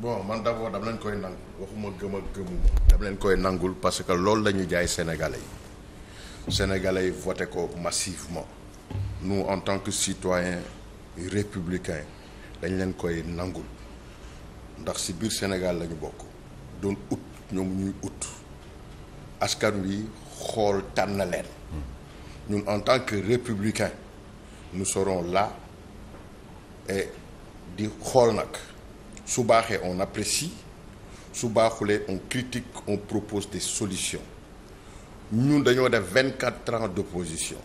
bon man d'abord dama leen koy nangul waxuma gëm ak gëmuma dama leen koy nangul parce que loolu la ñu jaay sénégalais yi sénégalais yi voté ko massivement nous en tant que citoyens républicain dañ leen koy nangul ndax si biir Sénégal la bokk doon ut ñoom ñuy ut askan wi xool tànn leen ñun en tant que républicain nous soron la di xool nag su baaxee on apprécie su baaxulee on critique on propose des solutions ñun dañoo def vingt quatre ans d' opposition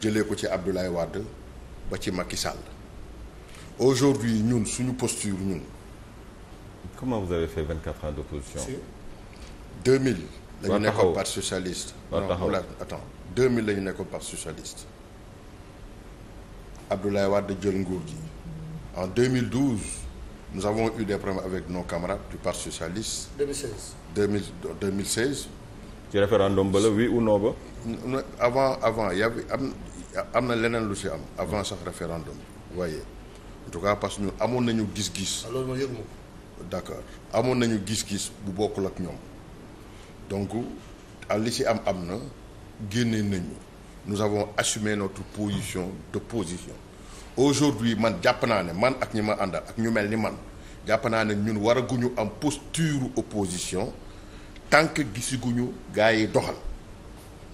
jëlee ko ci Abdoulaye Wade ba ci Macky Sall aujourd'hui ñun suñu posture ñun. comment vous avez fait vingt quatre ans d' opposition. deux mille. la ñu nekkoon parti socialiste. waaw taxaw non attends deux mille la ñu nekkoon parti socialiste Abdoulaye Wade jël nguur gi en 2012 nous avons eu des problèmes avec nos camarades du Parti socialiste. 2016 mille 2016. ci référendum ba la oui ou non ba. avant avant y' am am na leneen lu si am avant sax référendum waaye en tout parce que ñun amoon nañu gis-gis. alors ma yëg d' amoon nañu gis-gis bu bokkul ak ñoom donc li si am am na génne nañu nous avons assumé notre position de position. aujourd'hui man jàpp naa ne man ak ñi ma àndal ak ñu mel ni man jàpp naa ne ñun waraguñu am posture opposition tant que gisuguñu gars yi doxal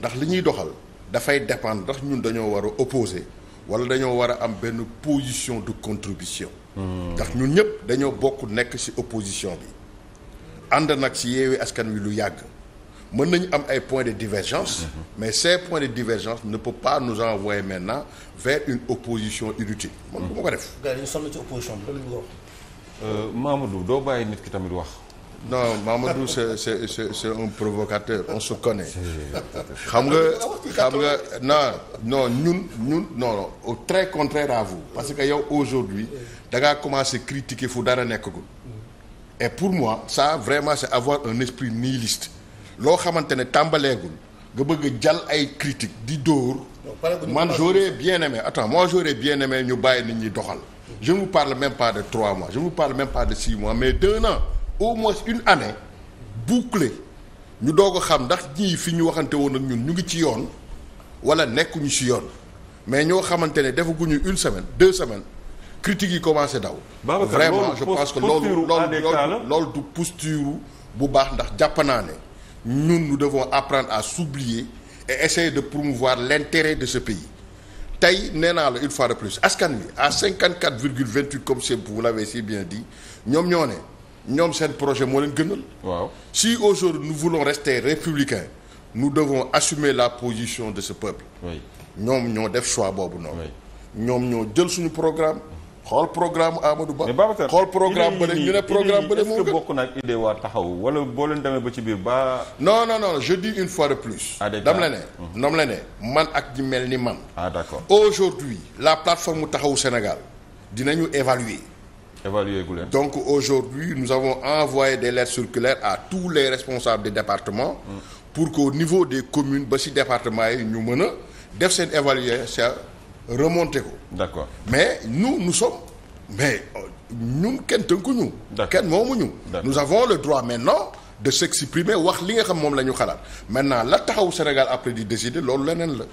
ndax li ñuy doxal dafay dépendre ndax ñun dañoo war a opposer wala dañoo war a am benn position de contribution. Hmm. ndax ñun ñëpp dañoo bokk nekk ci opposition bi ànd nag ci yeewi askan wi lu yàgg. mën nañu am ay points de divergence mm -hmm. mais ces points de divergence ne peut pas nous envoyer maintenant vers une opposition inutile man bu ma ko def gars yi ñu sonn euh, doo bàyyi nit ki tamit wax non Mamadou c'est c'est c'est un provocateur on se connaît xam nga ah, xam nga no non ñun ñun au très contraire à vous parce que yow aujourd'hui da ngaa commencé critiquer fu nekk ko et pour moi ça vraiment c'est avoir un esprit nihiliste loo xamante ne tàmbaleegul nga bëgg a jàll ay critique di dóor man j'aurais bien aimé attends moi j'aurais bien aimé ñu bàyyi nit ñi doxal je ne vous parle même pas de trois mois je ne vous parle de six mois mais deux na au mois une année bouclée ñu doog a xam ndax ñii fi ñu waxante woon ak ñun ñu ngi ci yoon wala nekkuñu ci yoon mais ñoo xamante ne defaguñu une semaine deux semaines critiques yi commencé daw vraiment je pense que loolu loolu loolu du posture bu baax ndax jàpp naa ne ñun nous devons apprendre à s'oublier et essayer de promouvoir l'intérêt de ce pays tey nee naa la une fois de plus askan wi à 54 virgule 28 comme c'est vous l'avez si bien dit ñoom ñoo ne ñoom seen projet moo leen gënal. waaw si aujourd'hui nous voulons rester républicains nous devons assumer la position de ce peuple. ñoom ñoo def choix boobu noonu. ñoom ñoo jël suñu programme. xool programme Amadou Ba. xool programme ba ñu ne programme ba de moo gën. bokk na ak idée waa taxaw wala boo leen ba ci biir ba. non non non je dis une fois de plus. ah dam la ne. Mhm. dam la ne man ak ñi mel ni man. ah d'accord aujourd'hui la plateforme taxawu Sénégal dina ñu évaluer gu leen donc aujourd'hui nous avons envoyé des lettres circulaires à tous les responsables des départements. Mm. pour que niveau des communes ba ci département yi ñu mën a def seen évaluation. remonter ko. d'accord mais nous nous sommes mais euh, ñun kenn tënkuñu. kenn moomuñu. nous avons le droit maintenant de s'exprimer wax li nga xam moom la ñu xalaat maintenant la taxaw Sénégal après di décider loolu leneen la.